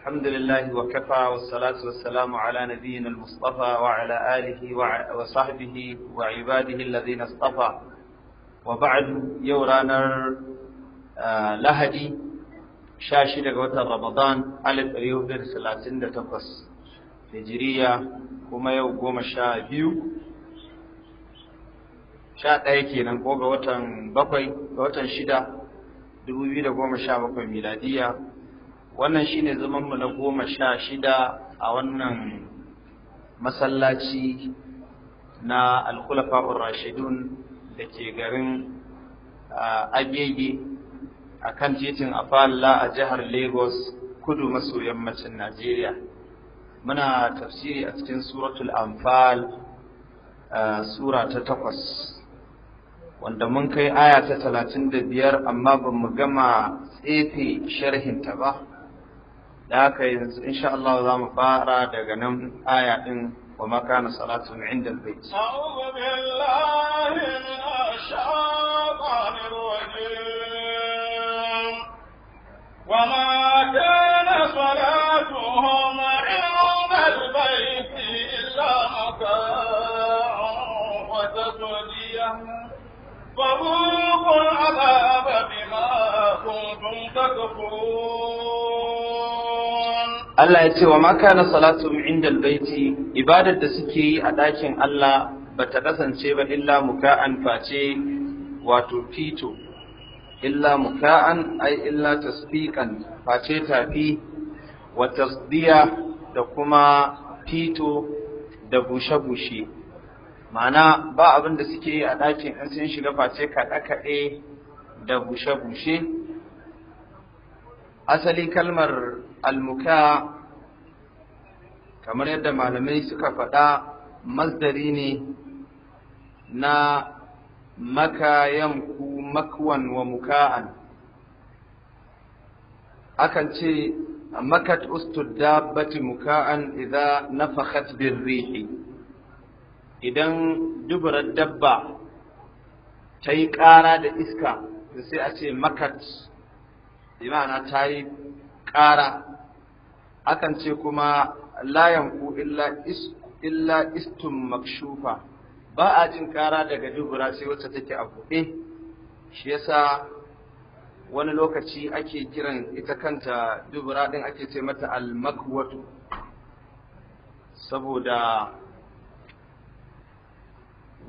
الحمد لله وكفى والصلاة والسلام على نبينا المصطفى وعلى آله وصحبه وعباده الذين اصطفى وبعد يورانا لهدي شاشي لغوة رمضان على الريوف در سلاسين تقص هجرية كما يوم شاء بيو شاء تايكي ننقوغ وطن بقوي وطن شدة 2017 miladiya wannan shine zaman mu na goma sha shida a wannan masallaci na alkulafa rashidun da ke garin ah, abege a kan titin afalla a jihar lagos kudu maso yammacin najeriya muna tafsiri a cikin suratul anfal ah, sura ta takwas wanda mun kai aya ta talatin da biyar amma ba mu gama tsefe sharhinta ba da haka yanzu insha Allah za mu fara daga nan aya din wa ma kana salatu min inda albayt a'udhu billahi minash shaitanir rajim wa ma kana salatuhum inda albayt illa maka'an wa tasdiyah فذوقوا العذاب بما كنتم تكفرون Allah ya ce wa maka na salatu inda albaiti ibadar da suke yi a ɗakin Allah ba ta kasance ba illa muka'an face wato fito illa muka'an ai illa tasfiqan face tafi wa tasdiya da kuma fito da bushe-bushe ma'ana ba abin da suke yi a ɗakin in sun shiga face kaɗe-kaɗe da bushe-bushe asali kalmar almuka kamar yadda malamai suka faɗa masdari ne na makayan ku makwan wa muka'an akan ce makat ustud dabbati muka'an idza nafakhat birrihi idan dubarar dabba ta yi ƙara da iska sai a ce makat bi ma'ana ta yi ƙara akan ce kuma layan ku illa is makshufa ba a jin kara daga dubura sai wacce take a buɗe shi yasa wani lokaci ake kiran ita kanta dubura din ake ce mata almakwatu saboda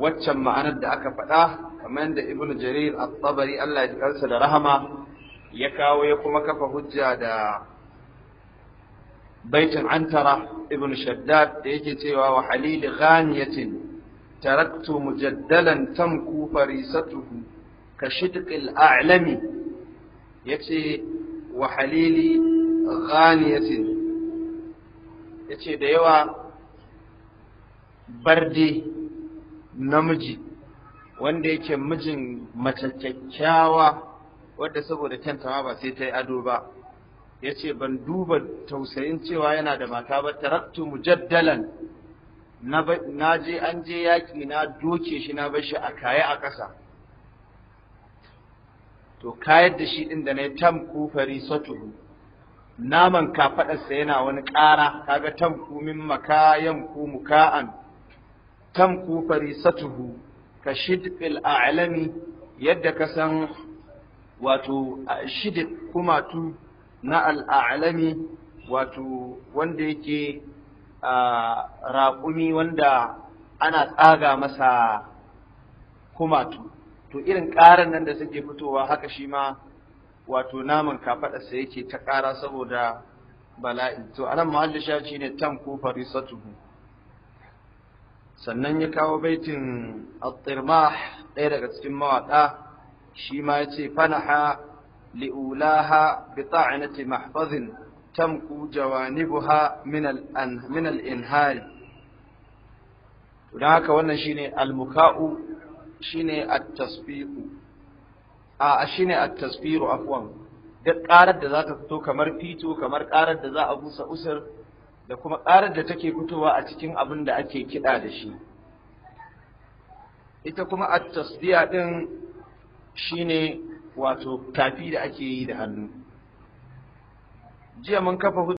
waccan ma'anar da aka faɗa kamar da ibnu jarir at-tabari Allah ya kansa da rahama ya kawo ya kuma kafa hujja da baitin antara ibn shaddad da yake cewa wa halili ghaniyatin taraktu mujaddalan tamku farisatuhu ka shidqil a'lami yace wa halili ghaniyatin yace da yawa barde namiji wanda yake mijin mace kyakkyawa wadda saboda kyanta ma ba sai ta yi ado ba ya ce ban duba tausayin cewa yana da mata ba taraktu mujaddalan na je an je yaƙi na doke shi na bar shi a kaye a ƙasa to kayar da shi ɗin da na yi tamku farisatuhu naman kafaɗarsa yana wani ƙara kaga tamku min maka yanku muka'an tamku satuhu, ka shidfil a'lami yadda ka san wato kuma kumatu na al'alami wato wanda yake raƙumi wanda ana tsaga masa kumatu to irin ƙarar nan da suke fitowa haka shi ma wato naman kafaɗarsa yake ta ƙara saboda bala'i to anan sha shi ne tam ko farisatuhu sannan ya kawo baitin at-tirmah ɗaya daga cikin mawaƙa shi ma ya ce fanaha لأولاها بطعنة محفظ تمكو جوانبها من الأن من الإنهار هناك وانا شيني المكاء شيني التصفيق آه شيني التصفير عفوا duk ƙarar da za ta fito kamar fito kamar ƙarar da za a busa usur da kuma ƙarar da take fitowa a cikin abin da ake kiɗa da shi ita kuma at ɗin shine wato tafi da ake yi da hannu jiya mun kafa